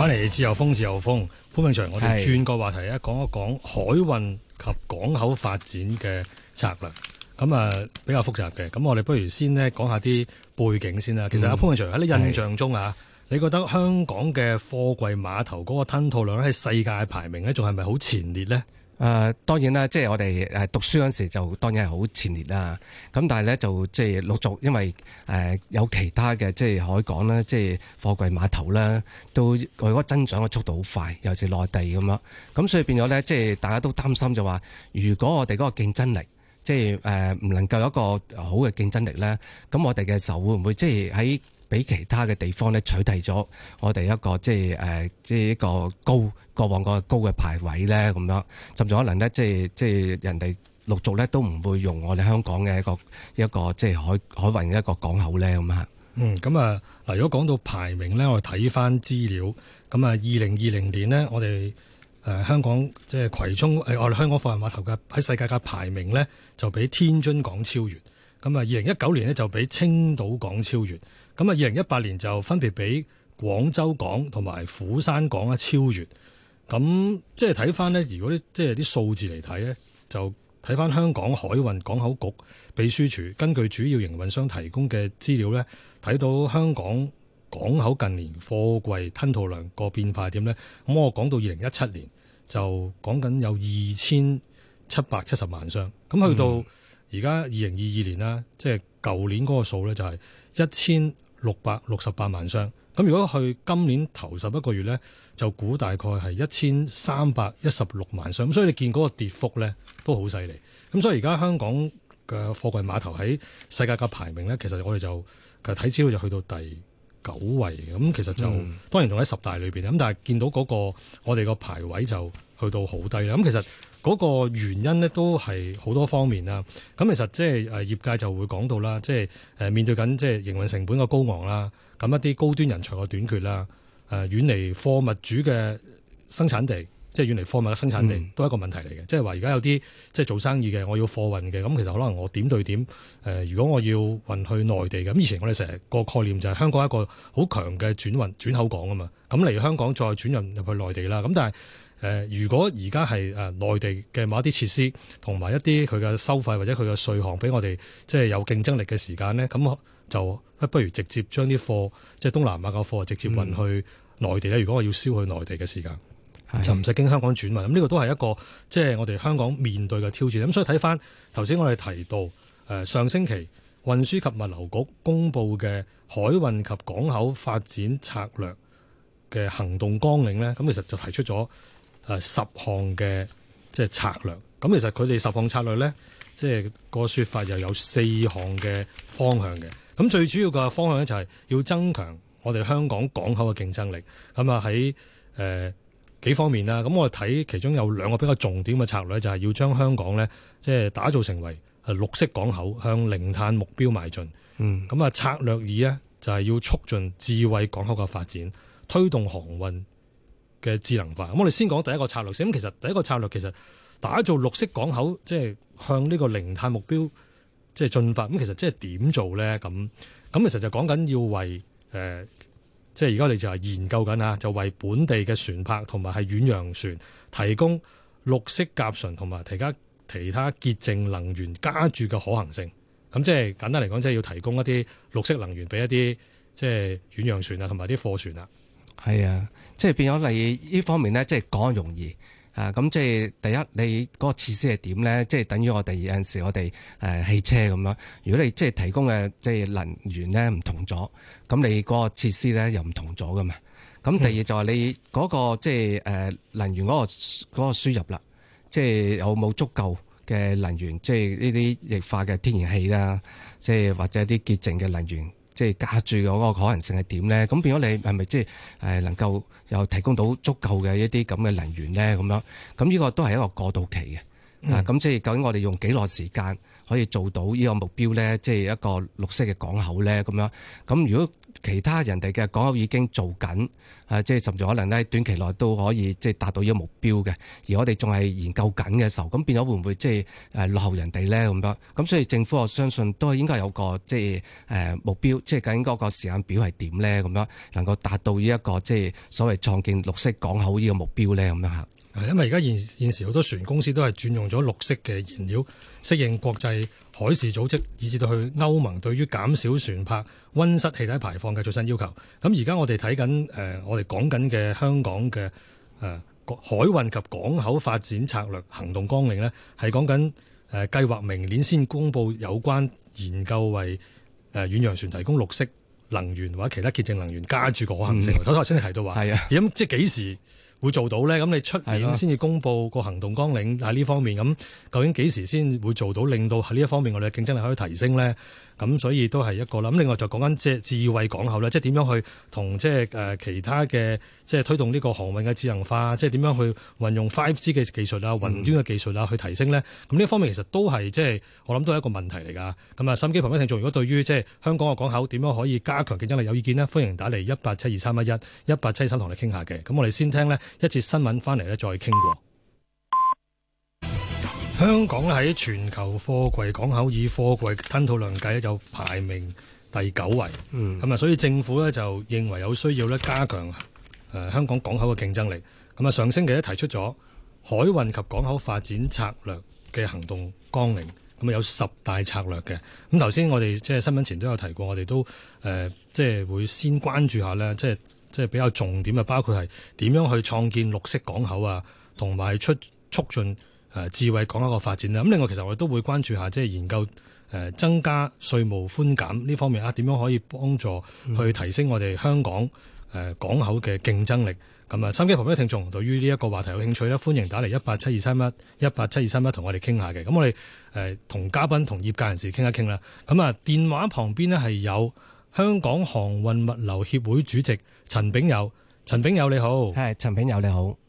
翻嚟自由風，自由風，潘永祥，我哋轉個話題啊，講一講海運及港口發展嘅策略。咁啊，比較複雜嘅。咁我哋不如先咧講下啲背景先啦。其實阿、嗯、潘永祥喺你印象中啊，的你覺得香港嘅貨櫃碼頭嗰個吞吐量咧，喺世界排名咧，仲係咪好前列咧？誒、呃、當然啦，即係我哋誒讀書嗰陣時就當然係好前列啦。咁但係咧就即係陸續，因為誒有其他嘅即係海港啦，即係貨櫃碼頭啦，都佢個增長嘅速度好快，尤其是內地咁樣，咁所以變咗咧，即係大家都擔心就話，如果我哋嗰個競爭力，即係誒唔能夠有一個好嘅競爭力咧，咁我哋嘅手會唔會即係喺畀其他嘅地方咧取締咗我哋一個即係誒，即係一個高過往個高嘅排位咧，咁樣甚至可能咧，即係即係人哋陸續咧都唔會用我哋香港嘅一個一個即係海海運嘅一個港口咧咁啊。嗯，咁啊嗱，如果講到排名咧，我哋睇翻資料咁啊，二零二零年呢，我哋誒香港即係、就是、葵涌誒我哋香港貨運碼頭嘅喺世界嘅排名咧就畀天津港超越咁啊，二零一九年咧就畀青島港超越。咁啊！二零一八年就分別俾廣州港同埋釜山港啊超越。咁即係睇翻呢，如果啲即係啲數字嚟睇呢，就睇翻香港海運港口局秘書處根據主要營運商提供嘅資料呢，睇到香港港口近年貨櫃吞吐量個變化點呢。咁我講到二零一七年就講緊有二千七百七十萬箱，咁去到而家二零二二年啦，嗯、即係舊年嗰個數呢，就係一千六百六十八萬箱，咁如果去今年頭十一個月呢，就估大概係一千三百一十六萬箱，咁所以你見嗰個跌幅呢，都好犀利，咁所以而家香港嘅貨櫃碼頭喺世界嘅排名呢，其實我哋就其實睇資料就去到第九位，咁其實就當然仲喺十大裏邊。咁、嗯、但係見到嗰、嗰個我哋個排位就去到好低啦，咁其實。嗰個原因呢都係好多方面啦。咁其實即係誒業界就會講到啦，即係面對緊即係營運成本嘅高昂啦，咁一啲高端人才嘅短缺啦，誒遠離貨物主嘅生產地，即係遠離貨物嘅生產地都係一個問題嚟嘅。嗯、即係話而家有啲即係做生意嘅，我要貨運嘅，咁其實可能我點對點誒，如果我要運去內地嘅，咁以前我哋成日個概念就係香港一個好強嘅轉運轉口港啊嘛。咁嚟香港再轉運入去內地啦。咁但係誒，如果而家係誒內地嘅某一啲設施同埋一啲佢嘅收費或者佢嘅稅項俾我哋即係有競爭力嘅時間呢，咁就不如直接將啲貨即係、就是、東南亞嘅貨直接運去內地咧。嗯、如果我要燒去內地嘅時間，是的就唔使經香港轉運。咁呢個都係一個即係我哋香港面對嘅挑戰。咁所以睇翻頭先我哋提到誒上星期運輸及物流局公布嘅海運及港口發展策略嘅行動綱領呢，咁其實就提出咗。誒十項嘅即係策略，咁其實佢哋十項策略呢，即係個説法又有四項嘅方向嘅。咁最主要嘅方向呢，就係要增強我哋香港港口嘅競爭力。咁啊喺誒幾方面啦。咁我哋睇其中有兩個比較重點嘅策略，就係要將香港呢，即係打造成為係綠色港口，向零碳目標邁進。嗯。咁啊，策略二呢，就係要促進智慧港口嘅發展，推動航運嘅智能化，咁我哋先講第一個策略先。咁其實第一個策略其實打造綠色港口，即係向呢個零碳目標即係進發，咁其實即係點做咧？咁咁其實就講緊要為誒、呃、即係而家你就係研究緊啊，就為本地嘅船舶同埋係遠洋船提供綠色甲醇同埋其他其他潔淨能源加注嘅可行性。咁即係簡單嚟講，即係要提供一啲綠色能源俾一啲即係遠洋船啊同埋啲貨船啊。係啊，即係變咗你呢方面咧，即係講容易啊。咁即係第一，你嗰個設施係點咧？即係等於我哋有陣時我哋誒汽車咁樣。如果你即係提供嘅即係能源咧唔同咗，咁你嗰個設施咧又唔同咗噶嘛。咁第二就係你嗰個即係誒能源嗰個嗰個輸入啦，即係、嗯、有冇足夠嘅能源？即係呢啲液化嘅天然氣啦，即係或者啲潔淨嘅能源。即係加住嗰個可能性係點咧？咁變咗你係咪即係能夠有提供到足夠嘅一啲咁嘅能源咧？咁樣咁呢個都係一個過渡期嘅。嗯、啊，咁即係究竟我哋用幾耐時間可以做到呢個目標咧？即係一個綠色嘅港口咧？咁樣咁如果，其他人哋嘅港口已經做緊，啊，即係甚至可能咧，短期內都可以即係達到呢個目標嘅，而我哋仲係研究緊嘅時候，咁變咗會唔會即係誒落後人哋咧咁樣？咁所以政府我相信都應該有個即係誒目標，即係究竟個時間表係點咧咁樣呢，能夠達到呢一個即係所謂創建綠色港口呢個目標咧咁樣嚇。誒，因為而家現現時好多船公司都係轉用咗綠色嘅燃料，適應國際海事組織，以至到去歐盟對於減少船舶溫室氣體排放嘅最新要求。咁而家我哋睇緊誒，我哋講緊嘅香港嘅誒、呃、海運及港口發展策略行動綱領呢係講緊誒計劃明年先公布有關研究，為誒遠洋船提供綠色能源或者其他潔淨能源加個行程，加住可行性。頭頭先你提到話，咁係啊即係幾時會做到呢？咁你出面先至公佈個行動綱領喺呢的方面咁，究竟幾時先會做到，令到喺呢一方面我哋嘅競爭力可以提升呢？咁所以都係一個啦。咁另外就講緊即係智慧港口咧，即係點樣去同即係誒其他嘅即係推動呢個航運嘅智能化，即係點樣去運用 Five G 嘅技術啊、雲端嘅技術啊，去提升咧。咁呢一方面其實都係即係我諗都係一個問題嚟㗎。咁、嗯、啊，手機旁邊聽眾，如果對於即係香港嘅港口點樣可以加強競爭力有意見呢？歡迎打嚟一八七二三一一一八七三，同你傾下嘅。咁我哋先聽呢一節新聞翻嚟咧，再傾過香港喺全球貨櫃港口以貨櫃吞吐量計咧就排名第九位，咁啊、嗯，所以政府咧就認為有需要咧加強誒香港港口嘅競爭力。咁啊，上星期咧提出咗海運及港口發展策略嘅行動綱領，咁啊有十大策略嘅。咁頭先我哋即係新聞前都有提過，我哋都誒即係會先關注下咧，即係即係比較重點啊，包括係點樣去創建綠色港口啊，同埋出促進。誒智慧港口嘅發展啦，咁另外其實我哋都會關注下，即係研究誒增加稅務寬減呢方面啊，點樣可以幫助去提升我哋香港誒、啊、港口嘅競爭力？咁啊，心機旁邊聽眾對對於呢一個話題有興趣咧，歡迎打嚟一八七二三一一八七二三一同我哋傾下嘅。咁、啊、我哋誒同嘉賓同業界人士傾一傾啦。咁啊，電話旁邊呢係有香港航運物流協會主席陳秉友，陳秉友你好，係陳秉友你好。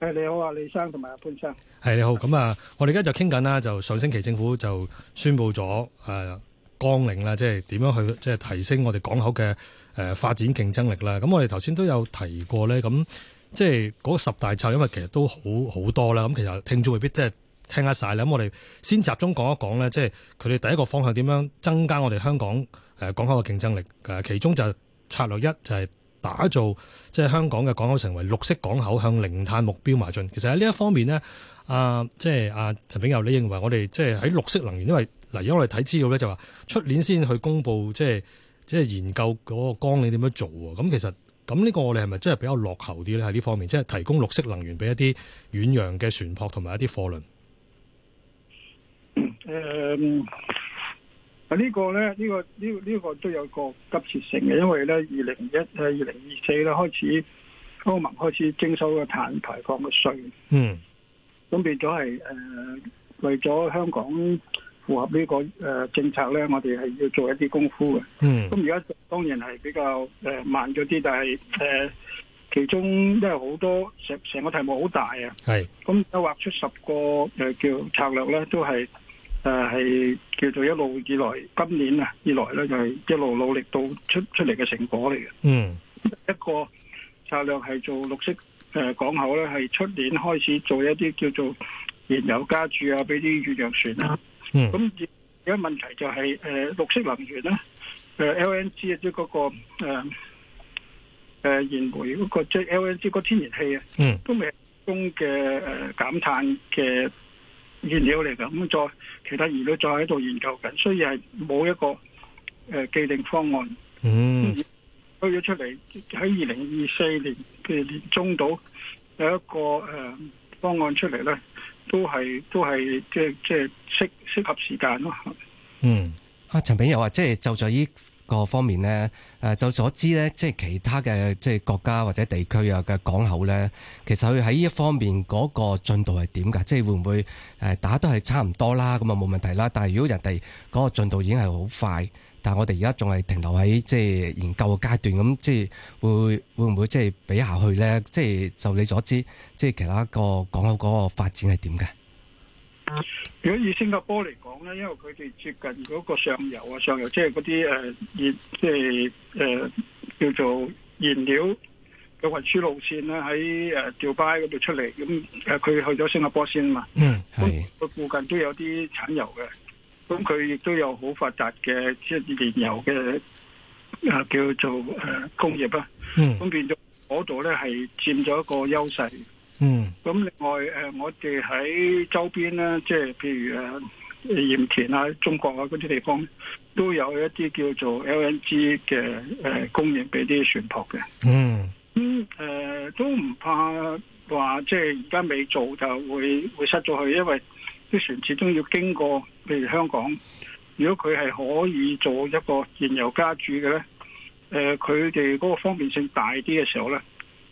誒，你好啊，李生同埋潘生。係你好，咁啊，我哋而家就傾緊啦，就上星期政府就宣布咗誒綱領啦，即係點樣去即係、即係、提升我哋港口嘅誒、呃、發展競爭力啦。咁我哋頭先都有提過咧，咁即係嗰十大策，因為其實都好好多啦。咁其實聽眾未必即係聽得晒啦。咁我哋先集中講一講咧，即係佢哋第一個方向點樣增加我哋香港誒、呃、港口嘅競爭力。其中就策略一就係、係。打造即係香港嘅港口，成為綠色港口，向零碳目標邁進。其實喺呢一方面呢、呃就是、啊，即係啊陳秉友，你認為我哋即係喺綠色能源，因為嗱，如果我哋睇資料咧就話、是、出年先去公布，即係即係研究嗰個綱，你點樣做喎？咁其實咁呢個我哋係咪真係比較落後啲咧？喺呢方面，即、就、係、是、提供綠色能源俾一啲遠洋嘅船舶同埋一啲貨輪。誒、um。呢個咧，呢個呢呢、這個這個這個、都有個急切性嘅，因為呢，二零一誒二零二四咧開始，歐盟開始徵收個碳排放嘅稅。嗯。咁變咗係誒，為咗香港符合呢、這個、呃、政策呢，我哋係要做一啲功夫嘅。嗯。咁而家當然係比較、呃、慢咗啲，但係誒、呃、其中因為好多成成個題目好大啊。係。咁而家畫出十個、呃、叫策略呢都係。誒，係、啊、叫做一路以來，今年啊，以來咧就係一路努力到出出嚟嘅成果嚟嘅。嗯，mm. 一個策略係做綠色誒、呃、港口咧，係出年開始做一啲叫做燃油加注啊，俾啲遠洋船啊。嗯，咁而家問題就係、是、誒、呃、綠色能源咧，誒、呃、LNG 即係嗰、那個誒誒、呃呃、燃煤、那個即係 LNG 嗰天然氣啊，嗯、mm.，都未供嘅誒減碳嘅。原料嚟噶，咁再其他原料再喺度研究緊，所以係冇一個誒既定方案。嗯，推咗出嚟喺二零二四年嘅年中度有一個誒方案出嚟？咧，都係都係即係即係適適合時間咯。嗯，阿陳秉友話，即係就在於。各方面呢，誒就所知呢，即係其他嘅即係國家或者地區啊嘅港口呢，其實佢喺呢一方面嗰個進度係點㗎？即係會唔會誒大家都係差唔多啦，咁啊冇問題啦。但係如果人哋嗰個進度已經係好快，但係我哋而家仲係停留喺即係研究嘅階段，咁即係會會唔會即係比下去呢？即係就你所知，即係其他個港口嗰個發展係點㗎？如果以新加坡嚟講咧，因為佢哋接近嗰個上游啊，上游即係嗰啲誒，即係誒、呃、叫做燃料嘅運輸路綫啦，喺誒杜拜嗰度出嚟，咁誒佢去咗新加坡先嘛。嗯，係佢附近都有啲產油嘅，咁佢亦都有好發達嘅即係煉油嘅誒、呃、叫做誒、呃、工業啊。咁、嗯、變咗嗰度咧係佔咗一個優勢。嗯，咁另外誒，我哋喺周邊咧，即係譬如誒鹽田啊、中國啊嗰啲地方，都有一啲叫做 LNG 嘅誒供應俾啲船舶嘅。嗯，咁誒、呃、都唔怕話，即係而家未做就會會失咗去，因為啲船始終要經過，譬如香港。如果佢係可以做一個燃油加注嘅咧，誒、呃，佢哋嗰個方便性大啲嘅時候咧。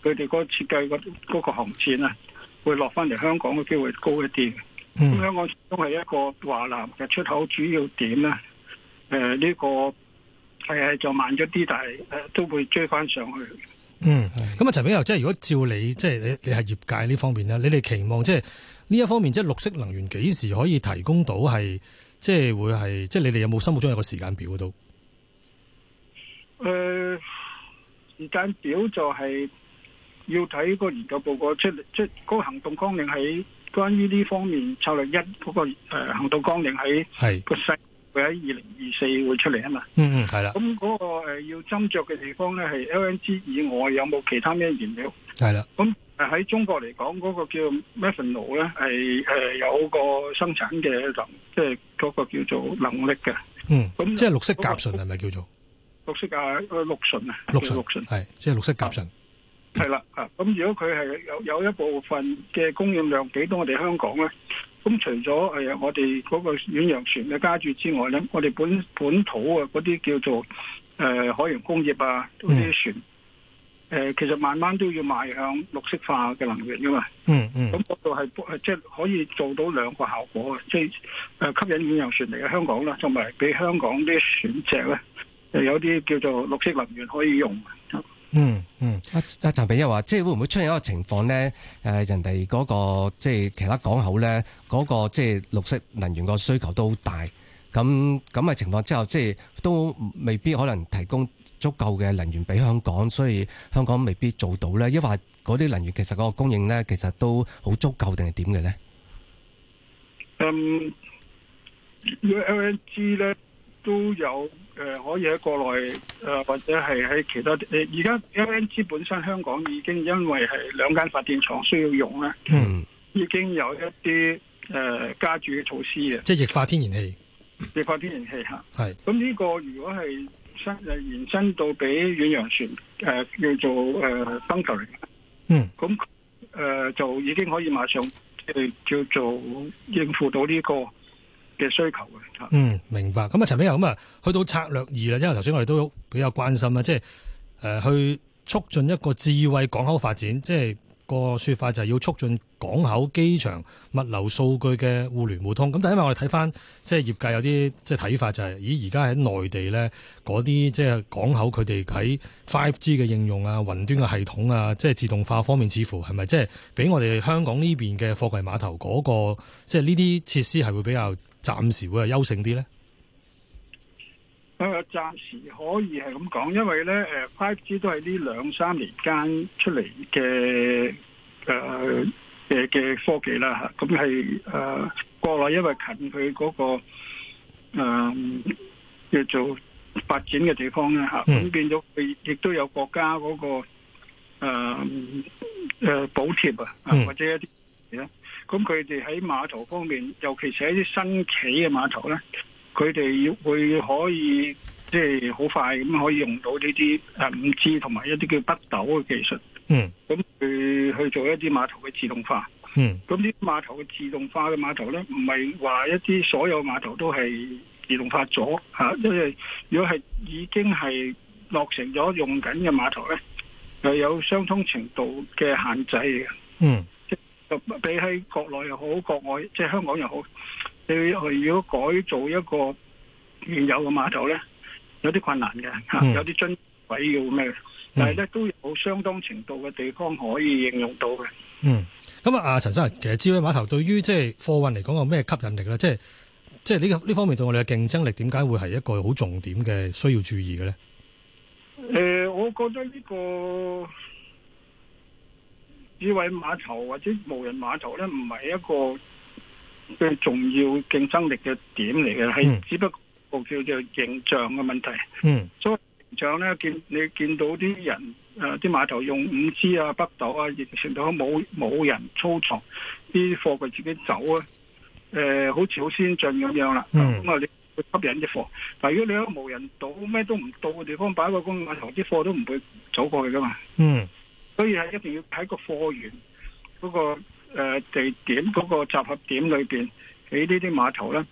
佢哋嗰個設計嗰嗰個航線啊，會落翻嚟香港嘅機會高一啲。咁、嗯、香港都係一個華南嘅出口主要點啦。誒、呃、呢，這個係係就慢咗啲，但係誒都會追翻上去。嗯，咁啊，陳秉友即係如果照你即係你你係業界呢方面咧，你哋期望即係呢一方面即係綠色能源幾時可以提供到係即係會係即係你哋有冇心目中有個時間表都？誒、呃，時間表就係、是。要睇個研究報告出嚟，即係嗰、那個行動綱領喺關於呢方面策略一嗰個行動綱領喺係個西喺二零二四會出嚟啊嘛。嗯嗯，係啦。咁嗰個要斟酌嘅地方咧係 LNG 以外有冇其他咩燃料？係啦的。咁喺中國嚟講嗰個叫 methanol 咧係誒有一個生產嘅能力，即係嗰個叫做能力嘅。嗯。咁即係綠色甲醇係咪叫做綠色啊？綠醇啊。綠醇係即係綠色甲醇。係啦，咁如果佢係有有一部分嘅供應量俾到我哋香港咧，咁除咗我哋嗰個遠洋船嘅加注之外咧，我哋本本土啊嗰啲叫做誒、呃、海洋工業啊嗰啲船，誒、呃、其實慢慢都要邁向綠色化嘅能源噶嘛、嗯。嗯嗯。咁嗰度係即係可以做到兩個效果啊，即係誒吸引遠洋船嚟嘅香港啦，同埋俾香港啲船隻咧、呃，有啲叫做綠色能源可以用。嗯嗯，阿阿陳秉友話，即係會唔會出現一個情況咧？誒，人哋嗰個即係其他港口咧，嗰個即係綠色能源個需求都好大，咁咁嘅情況之後，即係都未必可能提供足夠嘅能源俾香港，所以香港未必做到咧。抑或嗰啲能源其實嗰個供應咧，其實都好足夠定係點嘅咧？嗯，LNG 咧都有。誒、呃，可以喺國內誒、呃，或者係喺其他啲誒，而家 LNG 本身香港已經因為係兩間發電廠需要用咧，嗯，已經有一啲誒、呃、加注嘅措施嘅，即係液化天然氣，液化天然氣吓，係是。咁呢個如果係伸誒延伸到俾遠洋船誒、呃，叫做誒 bunker，、呃、嗯，咁誒、呃、就已經可以馬上即係叫做應付到呢、這個。嘅需求，嗯，明白。咁啊，陳秉友，咁啊，去到策略二啦，因為頭先我哋都比較關心啦，即係、呃、去促進一個智慧港口發展，即係、個說法就係要促進港口、機場物流數據嘅互聯互通。咁但係因為我哋睇翻，即係業界有啲即係睇法就係、是，咦？而家喺內地咧，嗰啲即係港口佢哋喺 Five G 嘅應用啊、雲端嘅系統啊、即係自動化方面，似乎係咪即係俾我哋香港呢邊嘅貨櫃碼頭嗰、個即係呢啲設施係會比較。暫時會係優勝啲咧。誒、呃，暫時可以係咁講，因為咧，誒、呃，Five G 都係呢兩三年間出嚟嘅誒嘅嘅科技啦吓，咁係誒國內因為近佢嗰、那個誒、呃、叫做發展嘅地方咧吓，咁、啊嗯、變咗佢亦都有國家嗰、那個誒誒補貼啊，嗯、或者一啲。咁佢哋喺碼頭方面，尤其是一啲新起嘅碼頭咧，佢哋會可以即係好快咁可以用到呢啲誒五 G 同埋一啲叫北斗嘅技術。嗯，咁去去做一啲碼頭嘅自動化。嗯，咁啲碼頭嘅自動化嘅碼頭咧，唔係話一啲所有碼頭都係自動化咗吓，因為如果係已經係落成咗用緊嘅碼頭咧，又有相通程度嘅限制嘅。嗯。Mm. 比喺國內又好，國外即係香港又好，你係如果改造一個現有嘅碼頭咧，有啲困難嘅，嗯、有啲樽位要咩？但係咧都有相當程度嘅地方可以應用到嘅。嗯，咁啊，陳生，其實智慧碼頭對於即係貨運嚟講有咩吸引力咧？即係即係呢呢方面對我哋嘅競爭力，點解會係一個好重點嘅需要注意嘅咧？誒、呃，我覺得呢、這個。智慧碼頭或者無人碼頭咧，唔係一個最重要競爭力嘅點嚟嘅，係只不過叫做形象嘅問題。嗯，所以形象咧，你見你見到啲人誒，啲、呃、碼頭用五 G 啊、北斗啊，形成到冇冇人操作，啲貨佢自己走啊，誒、呃，好似好先進咁樣啦。咁啊、嗯，你去吸引啲貨。但如果你喺個無人島什麼不到咩都唔到嘅地方擺個公共碼頭，啲貨都唔會走過去噶嘛。嗯。所以係一定要睇個貨源嗰個誒地點嗰個集合點裏邊喺呢啲碼頭咧，誒、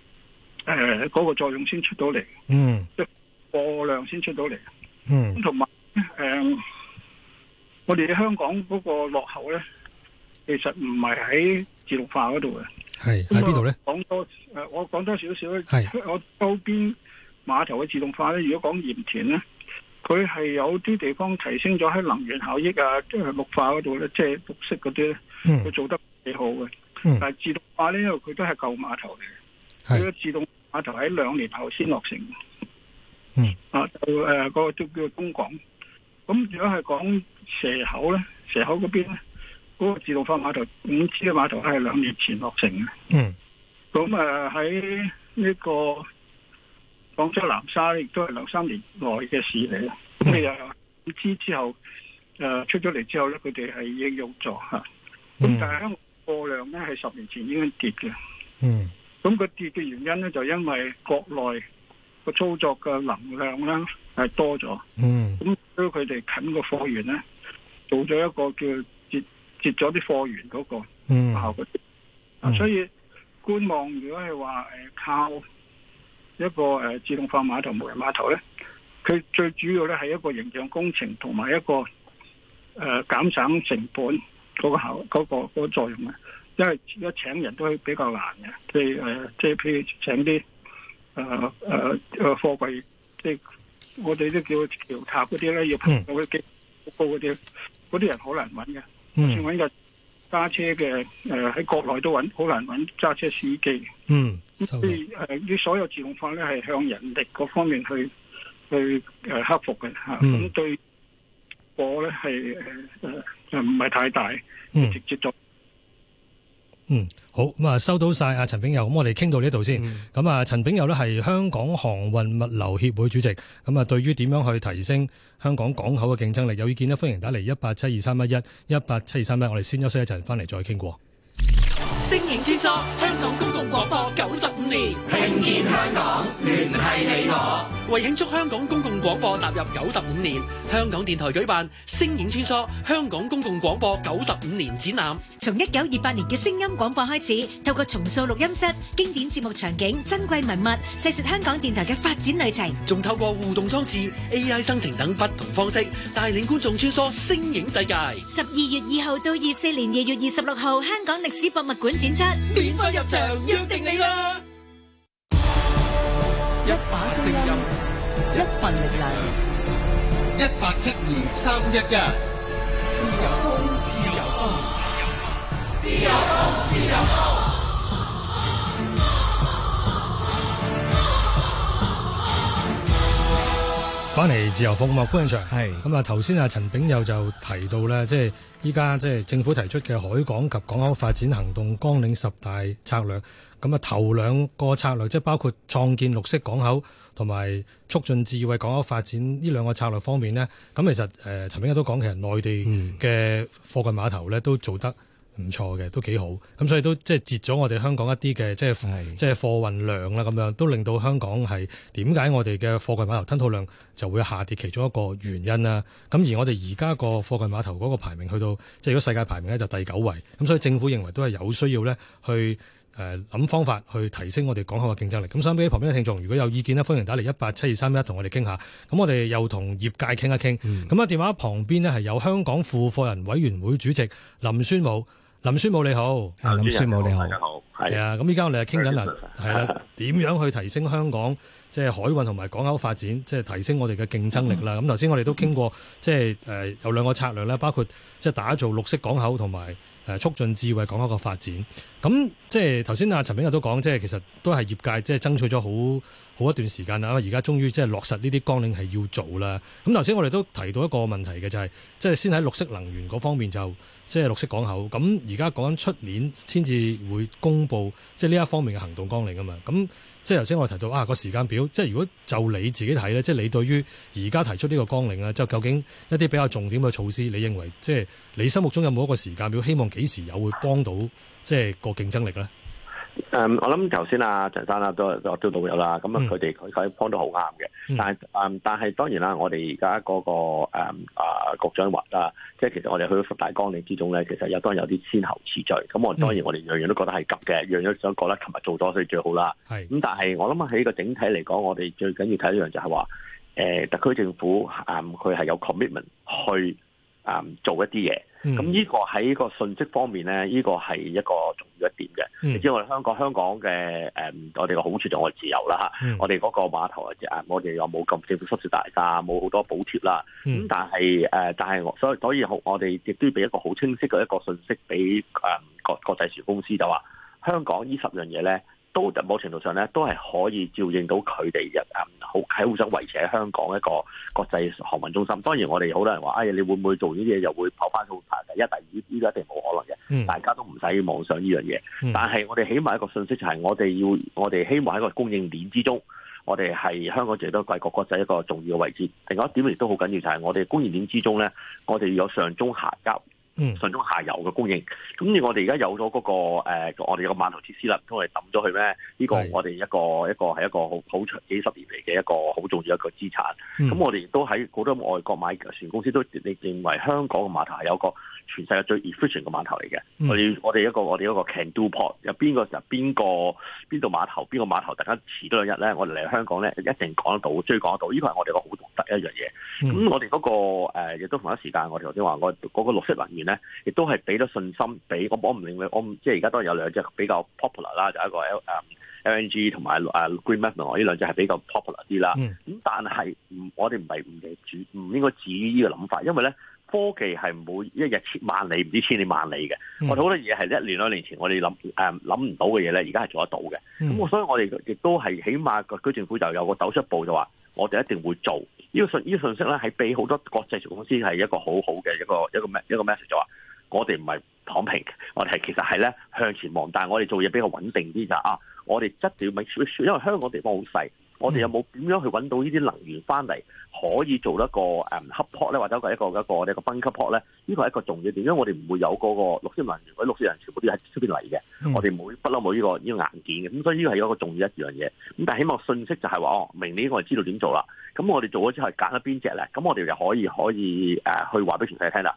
呃、嗰、那個作用先出到嚟，嗯，即貨量先出到嚟，嗯，同埋誒，我哋香港嗰個落後咧，其實唔係喺自動化嗰度嘅，係喺邊度咧？誒，我講多少少咧，係是我周邊碼頭嘅自動化咧，如果講鹽田咧。佢係有啲地方提升咗喺能源效益啊，即係綠化嗰度咧，即係綠色嗰啲咧，佢、嗯、做得幾好嘅。嗯、但係自動化呢，因為佢都係舊碼頭嘅，佢個自動化碼頭喺兩年後先落成。嗯，啊嗰誒個都叫東港。咁如果係講蛇口咧，蛇口嗰邊咧，嗰個自動化碼頭五支嘅碼頭咧係兩年前落成嘅。嗯，咁啊喺呢個。廣州南沙亦都係兩三年內嘅事嚟啦。咁你又唔知之後誒、呃、出咗嚟之後咧，佢哋係應用咗吓。咁、嗯、但係咧貨量咧係十年前已經跌嘅。嗯。咁佢跌嘅原因咧就因為國內個操作嘅能量咧係多咗。嗯。咁所以佢哋近個貨源咧，做咗一個叫接截咗啲貨源嗰、那個。嗯。效果、啊。嗯、所以觀望，如果係話誒靠。一個誒自動化碼頭、無人碼頭咧，佢最主要咧係一個形象工程同埋一個誒減、呃、省成本嗰個效、嗰個、嗰個嗰個作用啊！因為而家請人都係比較難嘅，即係誒，即係譬如請啲誒誒誒貨櫃，即、呃、係、呃、我哋都叫橋塔嗰啲咧，要到過去報嗰啲，嗰啲人好難揾嘅，日、嗯。揸車嘅誒喺國內都揾好難揾揸車司機，嗯，所以誒啲、呃、所有自動化咧係向人力嗰方面去去誒、呃、克服嘅吓，咁、啊、對我咧係誒誒唔係太大、嗯、直接就。嗯，好，咁啊收到晒啊陳秉友，咁我哋傾到呢度先。咁啊、嗯，陳秉友呢係香港航運物流協會主席，咁啊對於點樣去提升香港港口嘅競爭力有意見呢，歡迎打嚟一八七二三一一，一八七二三一，我哋先休息一陣，翻嚟再傾過。星影之作，香港公共廣播九十五年，聽見香港，聯繫你我。為慶祝香港公共廣播踏入九十五年，香港電台舉辦《聲影穿梭香港公共廣播九十五年展覽》，從一九二八年嘅聲音廣播開始，透過重塑錄音室、經典節目場景、珍貴文物，細說香港電台嘅發展旅程，仲透過互動裝置、AI 生成等不同方式，帶領觀眾穿梭聲影世界。十二月二號到二四年二月二十六號，香港歷史博物館展出，免費入場，約定你啦！一把聲音，一份力量，一八七二三一一。自由風，自由風，自由風，自由風。翻嚟自由風幕歡迎係咁啊！頭先啊，是陳秉友就提到呢，即係依家即係政府提出嘅海港及港口發展行動綱領十大策略。咁啊，頭兩個策略即係包括創建綠色港口。同埋促進智慧港口發展呢兩個策略方面呢，咁其實誒陳秉友都講，其實內地嘅貨櫃碼頭呢都做得唔錯嘅，嗯、都幾好。咁所以都即係截咗我哋香港一啲嘅即係即係貨運量啦，咁樣都令到香港係點解我哋嘅貨櫃碼頭吞吐量就會下跌，其中一個原因啦。咁、嗯、而我哋而家個貨櫃碼頭嗰個排名去到即係如果世界排名呢就第九位，咁所以政府認為都係有需要呢去。誒諗方法去提升我哋港口嘅競爭力。咁想俾旁邊嘅聽眾，如果有意見呢，歡迎打嚟一八七二三一，同我哋傾下。咁我哋又同業界傾一傾。咁啊、嗯，電話旁邊呢係有香港付貨人委員會主席林宣武。林宣武你好，啊林宣武你好，你好，啊好。咁依家我哋係傾緊啦係啦，點的樣去提升香港即係、就是、海運同埋港口發展，即、就、係、是、提升我哋嘅競爭力啦。咁頭先我哋都傾過，即係誒有兩個策略啦，包括即係打造綠色港口同埋。誒促進智慧港口嘅發展，咁即係頭先啊陳秉友都講，即係其實都係業界即係爭取咗好。好一段時間啦，而家終於即係落實呢啲綱領係要做啦。咁頭先我哋都提到一個問題嘅就係，即係先喺綠色能源嗰方面就即、是、係綠色港口。咁而家講緊出年先至會公布即係呢一方面嘅行動綱領啊嘛。咁即係頭先我提到啊、那個時間表，即係如果就你自己睇咧，即係你對於而家提出呢個綱領咧，即究竟一啲比較重點嘅措施，你認為即係、就是、你心目中有冇一個時間表？希望幾時有會幫到即係、就是、個競爭力咧？誒，我諗頭先阿陳生啦，都都都有啦，咁啊，佢哋佢佢幫到好啱嘅，但係但係當然啦，我哋而家嗰個誒啊，局長話啦，即係其實我哋去咗十大綱領之中咧，其實有當然有啲先後次序，咁我當然我哋樣樣都覺得係急嘅，樣、嗯、樣都想覺得琴日做咗係最好啦，咁是但係我諗喺個整體嚟講，我哋最緊要睇一樣就係話、呃，特區政府佢係、嗯、有 commitment 去。啊、嗯，做一啲嘢，咁呢個喺個信息方面咧，呢、這個係一個重要一點嘅。亦即係我哋香港香港嘅誒、嗯，我哋嘅好處就我哋自由啦嚇，嗯、我哋嗰個碼頭啊、就是，我哋又冇咁政府收稅大家，冇好多補貼啦。咁、嗯、但係誒、呃，但係所以所以我哋亦都俾一個好清晰嘅一個信息俾誒各國際船公司就，就話香港呢十樣嘢咧。都某程度上咧，都係可以照應到佢哋一好喺互相維持喺香港一個國際航運中心。當然，我哋好多人話，哎呀，你會唔會做呢啲嘢又會跑翻去大陸，第一，第二呢，呢個一定冇可能嘅，大家都唔使妄想呢樣嘢。但係我哋起碼一個信息就係，我哋要我哋希望喺一個供應鏈之中，我哋係香港最多貴國國際一個重要嘅位置。另外一點亦都好緊要，就係、是、我哋供應鏈之中咧，我哋有上中下交。嗯，上中下游嘅供應，咁而我哋而家有咗嗰、那個、呃、我哋個碼頭設施啦，都係抌咗佢咩？呢、這個我哋一個是的 一個係一個好長幾十年嚟嘅一個好重要一個資產。咁我哋亦都喺好多外國買船公司都認認為香港嘅碼頭係有個。全世界最 efficient 嘅碼頭嚟嘅、嗯，我哋我哋一個我哋一個 can do port，有邊個時候，邊個邊度碼頭，邊個碼頭大家遲多兩日咧，我哋嚟香港咧一定講得到，追講得到，呢個係我哋個好獨特一樣嘢。咁、嗯、我哋嗰、那個、呃、亦都同一時間，我哋頭先話我嗰個綠色能源咧，亦都係俾咗信心，俾我我唔認為我即係而家當然有兩隻比較 popular 啦，就一個 L 誒 LNG 同埋啊 green meth 同埋呢兩隻係比較 popular 啲啦。咁、嗯、但係唔我哋唔係唔主，唔應該止於呢個諗法，因為咧。科技係唔會一日千萬里，唔知千里萬里嘅。嗯、我哋好多嘢係一年兩年前我哋諗誒諗唔到嘅嘢咧，而家係做得到嘅。咁我、嗯、所以我哋亦都係起碼個區政府就有個走出步，就話我哋一定會做。呢個信呢個信息咧係俾好多國際公司係一個好好嘅一個一個咩一個 message 就話我哋唔係躺平，我哋係其實係咧向前望，但係我哋做嘢比較穩定啲咋啊！我哋質料要咪因為香港地方好細。 我哋有冇點樣去揾到呢啲能源翻嚟，可以做一個誒黑 port 咧，或者一個一個一個,一個呢分級 port 咧？呢個係一個重要點，因為我哋唔會有嗰個綠色能源，綠色能源全部都喺出邊嚟嘅， 我哋冇不嬲冇呢個呢、這個硬件嘅，咁所以呢個係一個重要一樣嘢。咁但係希望訊息就係話，哦，明年我哋知道點做啦，咁我哋做咗之後揀咗邊隻咧，咁我哋就可以可以誒、呃、去話俾全世界聽啦。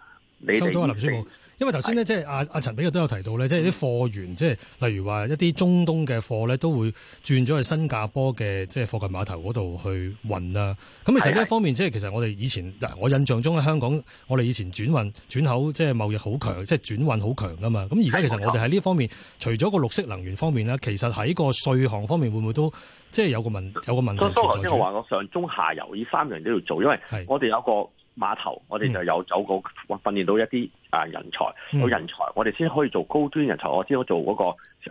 收到啊，林先生。因為頭先咧，即係阿阿陳秉友都有提到咧，即係啲貨源，即係例如話一啲中東嘅貨咧，都會轉咗去新加坡嘅即係貨櫃碼頭嗰度去運啊。咁其實呢一方面，即係其實我哋以前，我印象中喺香港，我哋以前轉運轉口，即係貿易好強，的即係轉運好強噶嘛。咁而家其實我哋喺呢方面，除咗個綠色能源方面咧，其實喺個稅項方面會唔會都即係有個問有個問題？都頭先我話我上中下游呢三樣都要做，因為我哋有個。碼頭，我哋就有走過訓練到一啲啊人才，有、嗯、人才，我哋先可以做高端人才，我先可以做嗰、那個、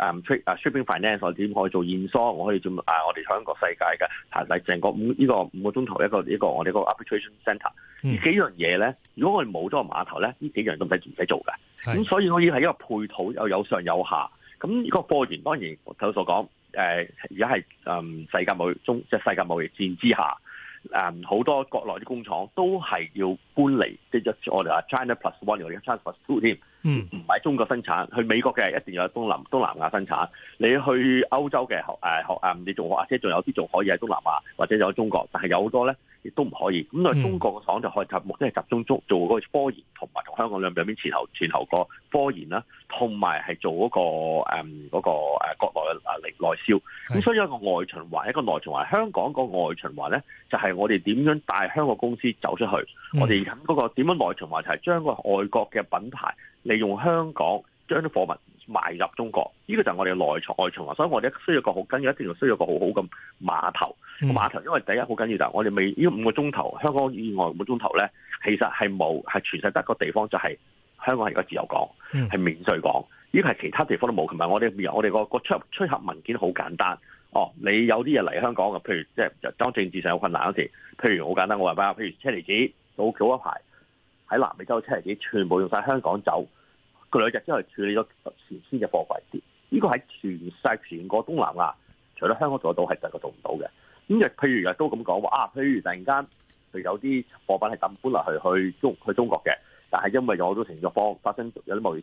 嗯、shipping finance，或者可以做現梭，我可以做、啊、我哋香港世界嘅，係嚟成五呢、這個五個鐘頭一個呢、這個我哋個 arbitration centre、嗯。幾幾樣嘢咧，如果我哋冇咗個碼頭咧，呢幾樣都唔使唔使做嘅。咁的、嗯、所以可以係一個配套又有上有下。咁呢個貨源當然，我所講誒而家係誒世界貿易中即係世界貿易戰之下。誒好、um, 多國內啲工廠都係要搬嚟，即、就、係、是、我哋話 China Plus One 或者 China Plus Two 添，唔係中國生產，去美國嘅一定要東南東南亞生產，你去歐洲嘅、啊嗯、學，誒，你仲或者仲有啲仲可以喺東南亞或者有中國，但係有好多咧。都唔可以，咁啊中國嘅廠就可以集，目的係集中做做嗰個科研，同埋同香港兩兩邊前後前後個科研啦，同埋係做嗰、嗰個誒嗰、嗯嗰個誒、啊、國內嘅誒內銷。咁是的 所以一個外循環，一個內循環。香港個外循環咧，就係、是、我哋點樣帶香港公司走出去。是的 我哋喺嗰個點樣內循環，就係將個外國嘅品牌利用香港。將啲貨物賣入中國，呢個就係我哋嘅內藏外循啊！所以我哋需要一個好緊要，一定要需要一個好好嘅碼頭個、mm. 碼頭。因為第一好緊要就係我哋未呢五個鐘頭香港以外五個鐘頭咧，其實係冇係全世界得個地方就係、是、香港係個自由港，係、mm. 免稅港。呢個係其他地方都冇。同埋我哋我哋個個出出入口文件好簡單。哦，你有啲嘢嚟香港嘅，譬如即係當政治上有困難嗰時，譬如好簡單，我話俾你譬如車厘子，早嗰排喺南美洲車厘子全部用晒香港走。兩日之後處理咗原先嘅貨櫃，呢個係全世界、全個東南亞，除咗香港做得到，係第二個做唔到嘅。咁就譬如又都咁講話啊，譬如突然間，譬如有啲貨品係抌搬落去去中去中國嘅，但係因為有好多承運方發生有啲貿易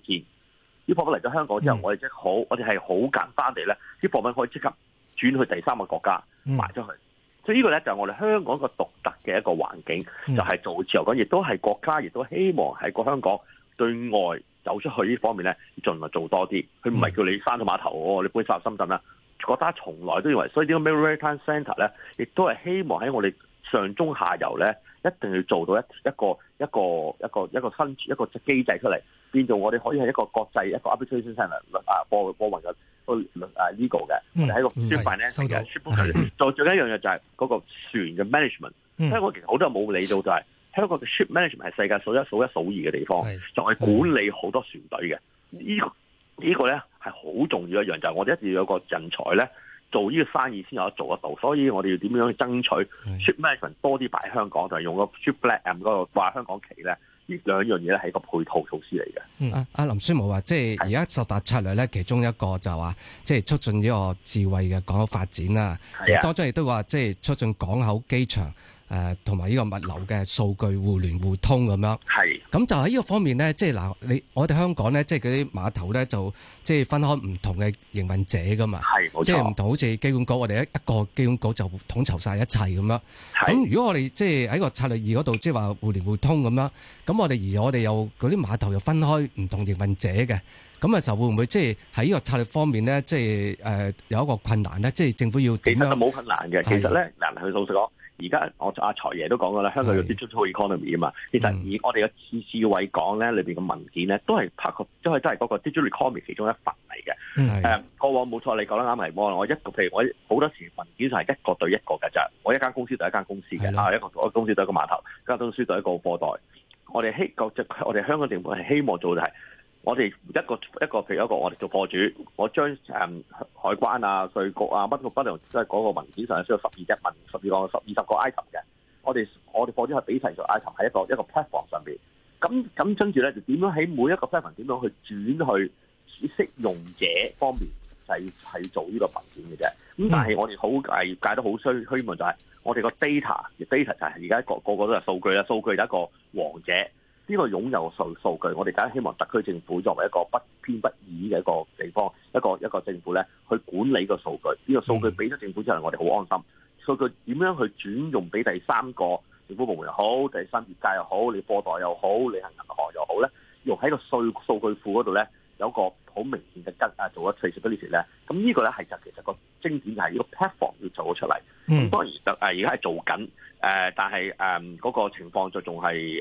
戰，啲貨品嚟咗香港之後，嗯、我哋即好，我哋係好簡單地咧，啲貨品可以即刻轉去第三個國家賣出去。嗯、所以呢個咧就係我哋香港個獨特嘅一個環境，就係、是、做自由港，亦都係國家亦都希望喺個香港對外。走出去呢方面咧，盡量做多啲。佢唔係叫你翻到碼頭喎，嗯、你本身喺深圳啦。我覺得從來都認為，所以個 center 呢個 Maritime Centre 呢，咧，亦都係希望喺我哋上中下游咧，一定要做到一個一個一個一個一個新一個機制出嚟，變做我哋可以係一個國際一個 Arbitration Centre 啊，過過運嘅去啊 legal 嘅，喺、嗯、個 shipment 咧嘅 shipment。就最緊要嘅就係嗰個船嘅 management，香港其實好多人冇理到就係。香港嘅 ship management 係世界數一數一數二嘅地方，就係管理好多船隊嘅。這個這個、呢個依咧係好重要的一樣，就係、是、我哋一定要有個人才咧做呢個生意先有得做得到。所以我哋要點樣去爭取 ship management 多啲擺香港，就係是用個 ship black a、嗯、嗰、那個掛香港旗咧，兩樣嘢咧係一個配套措施嚟嘅。阿阿、嗯啊、林宣武話，即係而家十大策略咧，是其中一個就話，即係促進呢個智慧嘅港口發展啦。係啊，多咗亦都話，即係促進港口機場。誒同埋呢個物流嘅數據互聯互通咁樣，係咁是就喺呢個方面呢。即係嗱你我哋香港呢，即係嗰啲碼頭呢，就即係分開唔同嘅營運者噶嘛，係即係唔同，好似機管局，我哋一一個機管局就統籌晒一切咁樣。咁是如果我哋即係喺個策略二嗰度，即係話互聯互通咁樣，咁我哋而我哋又嗰啲碼頭又分開唔同嘅營運者嘅，咁嘅時候會唔會即係喺呢個策略方面呢，即係誒有一個困難呢，即、就、係、是、政府要點樣其實冇困難嘅，是其實呢，難，去老實講。而家我阿財爺都講過啦，香港有 digital economy 啊嘛，的其實以我哋嘅次次委講咧，裏面嘅文件咧，都係拍括，因為都係嗰個 digital economy 其中一份嚟嘅。誒的，過往冇錯，你講得啱係冇錯。我一個譬如我好多時文件就係一個對一個㗎咋。我一間公司對一間公司嘅，的啊一個公司對一個碼頭，間公司對一個貨代。我哋希，我哋香港政府係希望做就係。我哋一個一個譬如一個我哋做貨主，我將誒、嗯、海關啊、稅局啊、乜都不良，都係嗰個文件上需要十二隻文、十二個、十二十個 item 嘅，我哋我哋貨主係俾齊做 item 喺一個一個 platform 上面。咁咁跟住咧就點樣喺每一個 platform 點樣去轉去使用者方面就係做呢個文件嘅啫。咁但係我哋好介介都好衰，希望就係、是、我哋個 data，data 就係而家個個個都係數據啦，數據得一個王者。呢個擁有數數據，我哋梗係希望特區政府作為一個不偏不倚嘅一個地方，一個一個政府咧，去管理個數據。呢、這個數據俾咗政府之後，我哋好安心。數據點樣去轉用俾第三個政府部門又好，第三業界又好，你貨代又好，你行銀行又好咧，用喺個數數據庫嗰度咧，有個好明顯嘅跟，啊，做一 traceability 呢。b、這、咧、個。咁呢個咧就其實是一個精點係個 platform 要做出嚟。當當然在在，而家係做緊，但係誒嗰個情況就仲係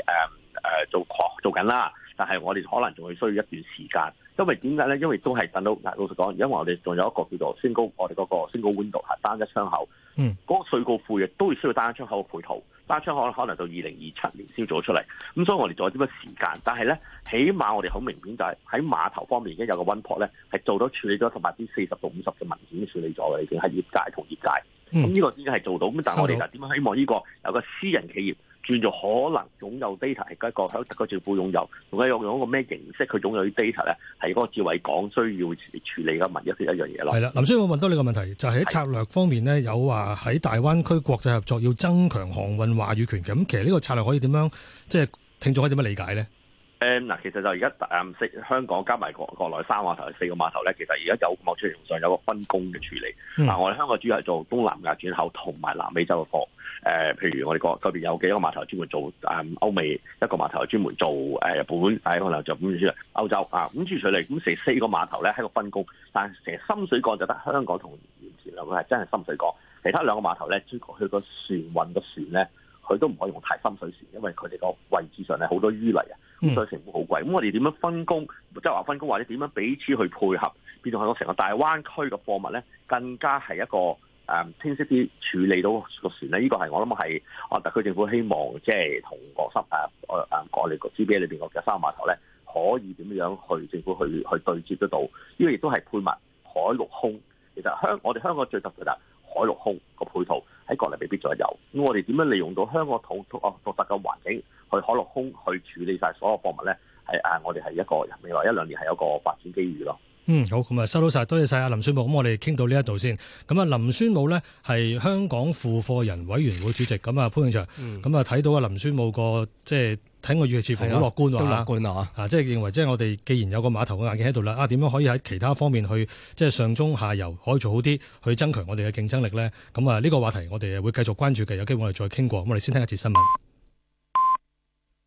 呃、做做緊啦，但係我哋可能仲會需要一段時間，因為點解咧？因為都係等到，老實講，因為我哋仲有一個叫做升高，我哋嗰個升高 window 係單一窗口，嗰、mm. 個稅告庫亦都要需要單一窗口嘅配套，單一窗口可能，可能到二零二七年先做出嚟，咁所以我哋仲有啲乜時間？但係咧，起碼我哋好明顯就係喺碼頭方面已經有一個 OnePort 呢，咧，係做到處理咗十埋啲四十到五十嘅文件處理咗嘅，已經係業界同業界，咁呢、mm. 個已經係做到？咁但係我哋就點樣希望呢個有個私人企業？轉做可能擁有 data 係一個香港政府擁有，同仲有一個咩形式佢擁有啲 data 咧？係嗰個智慧港需要處理嘅文，一啲一樣嘢咯。係啦，林先生，我問多你個問題，就係、是、喺策略方面咧，的有話喺大灣區國際合作要增強航運話語權。咁其實呢個策略可以點樣，即、就、係、是、聽眾可以點樣理解咧？誒嗱、嗯，其實就而家誒香港加埋國國內三個碼頭四個碼頭咧，其實而家有某程度上有個分工嘅處理。嗱、嗯啊，我哋香港主要係做東南亞轉口同埋南美洲嘅貨。誒、呃，譬如我哋個嗰邊有幾個碼頭專門做誒、嗯、歐美，一個碼頭專門做誒、呃、日本，誒、啊、可能就咁樣。歐洲啊，咁諸如嚟，咁成四個碼頭咧喺個分工，但係成深水港就得香港同前兩個係真係深水港，其他兩個碼頭咧，佢個船運個船咧，佢都唔可以用太深水船，因為佢哋個位置上呢好多淤泥啊，咁所以成本好貴。咁我哋點樣分工，即係話分工或者點樣彼此去配合，變到成個大灣區嘅貨物咧，更加係一個。誒清晰啲處理到個船咧，呢個係我諗係啊，特區政府希望即係同個深誒誒我哋個 G B A 裏邊嘅三碼頭咧，可以點樣去政府去去對接得到？呢個亦都係配物海陸空。其實香我哋香港最特別就係海陸空個配套喺國內未必再有。咁我哋點樣利用到香港土啊獨特嘅環境去海陸空去處理晒所有貨物咧？係誒，我哋係一個未來一兩年係有一個發展機遇咯。嗯，好，咁啊，收到晒，多謝晒阿林宣武。咁我哋傾到呢一度先。咁啊，林宣武呢，係香港付貨人委員會主席。咁啊、嗯，潘永祥，咁啊，睇到阿林宣武個即係睇個語氣，似乎好樂觀，好、啊啊、樂觀啊，即係認為即係我哋既然有個碼頭嘅硬件喺度啦，啊，點樣可以喺其他方面去即係上中下游可以做好啲，去增強我哋嘅競爭力呢？咁啊，呢、這個話題我哋會繼續關注嘅。有機會我哋再傾過。咁我哋先聽一節新聞。